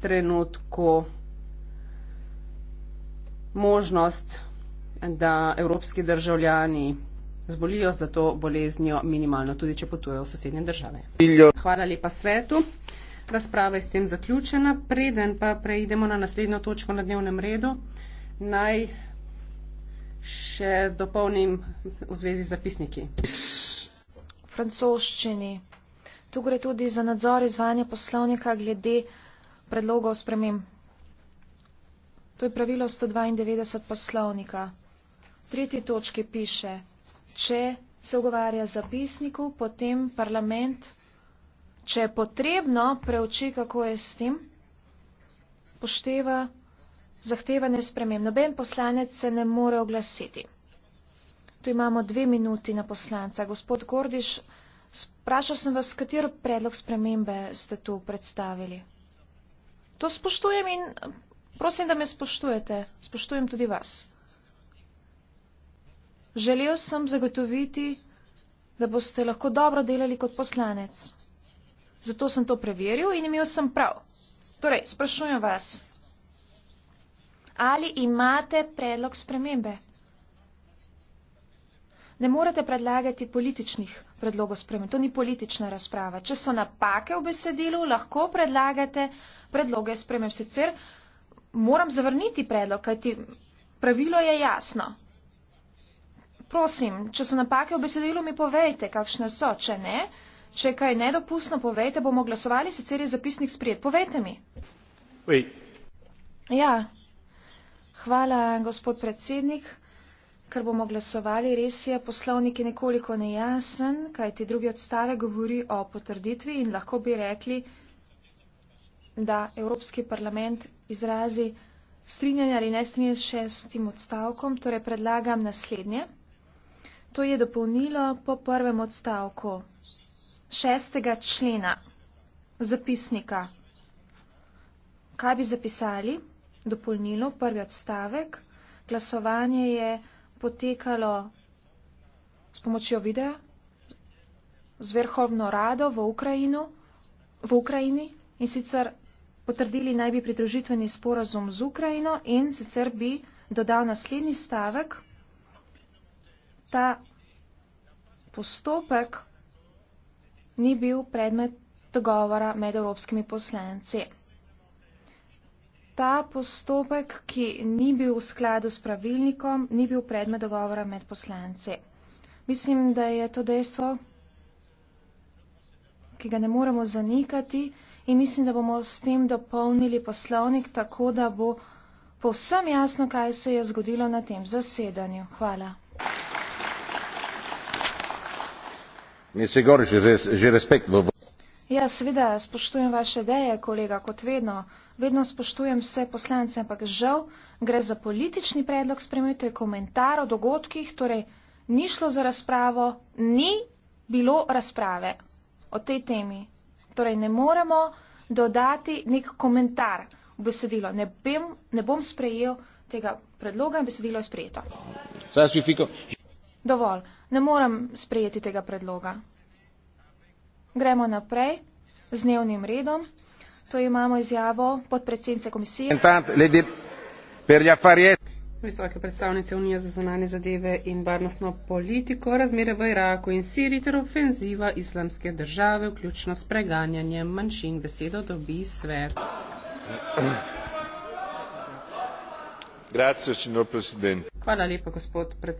trenutku možnost, da evropski državljani zbolijo za to boleznjo minimalno, tudi če potujejo v sosednje države. Hvala lepa svetu. Razprava je s tem zaključena. Preden pa preidemo na naslednjo točko na dnevnem redu, naj še dopolnim v zvezi z zapisniki. Francoščini. Tu gre tudi za nadzor izvajanja poslovnika glede predlogov spremem. To je pravilo 192 poslovnika. V tretji točki piše, če se ogovarja zapisniku, potem parlament, če je potrebno, preuči, kako je s tem, pošteva zahtevane spremem. Noben poslanec se ne more oglasiti. Tu imamo dve minuti na poslanca. Gospod Gordiš, sprašal sem vas, katero predlog spremembe ste tu predstavili. To spoštujem in eh, prosim, da me spoštujete. Spoštujem tudi vas. Želel sem zagotoviti, da boste lahko dobro delali kot poslanec. Zato sem to preveril in imel sem prav. Torej, sprašujem vas, ali imate predlog spremembe? ne morete predlagati političnih predlogov spremembe. To ni politična razprava. Če so napake v besedilu, lahko predlagate predloge spremembe. Sicer moram zavrniti predlog, kajti pravilo je jasno. Prosim, če so napake v besedilu, mi povejte, kakšne so. Če ne, če je kaj nedopustno, povejte, bomo glasovali, sicer je zapisnik sprijet. Povejte mi. Oui. Ja. Hvala, gospod predsednik kar bomo glasovali, res je, poslovnik je nekoliko nejasen, kajti drugi odstave govori o potrditvi in lahko bi rekli, da Evropski parlament izrazi strinjanje ali ne strinjanje s šestim odstavkom, torej predlagam naslednje. To je dopolnilo po prvem odstavku šestega člena zapisnika. Kaj bi zapisali? Dopolnilo, prvi odstavek. Glasovanje je potekalo s pomočjo videa z Verhovno rado v, Ukrajino, v Ukrajini in sicer potrdili naj bi pridružitveni sporazum z Ukrajino in sicer bi dodal naslednji stavek. Ta postopek ni bil predmet dogovora med evropskimi poslanci ta postopek, ki ni bil v skladu s pravilnikom, ni bil predmet dogovora med poslance. Mislim, da je to dejstvo, ki ga ne moremo zanikati in mislim, da bomo s tem dopolnili poslovnik tako, da bo povsem jasno, kaj se je zgodilo na tem zasedanju. Hvala. Mi se gori, že, že respekt v. Ja, seveda spoštujem vaše ideje, kolega, kot vedno. Vedno spoštujem vse poslance, ampak žal gre za politični predlog, spremete komentar o dogodkih, torej ni šlo za razpravo, ni bilo razprave o tej temi. Torej ne moremo dodati nek komentar v besedilo. Ne bom, ne bom sprejel tega predloga in besedilo je sprejeto. Dovolj. Ne morem sprejeti tega predloga. Gremo naprej z dnevnim redom. To imamo izjavo podpredsednice komisije. Visoke predstavnice Unije za zunanje zadeve in varnostno politiko, razmere v Iraku in Siriji ter ofenziva islamske države, vključno s preganjanjem manjšin, besedo dobi svet. Hvala lepa, gospod predsednik.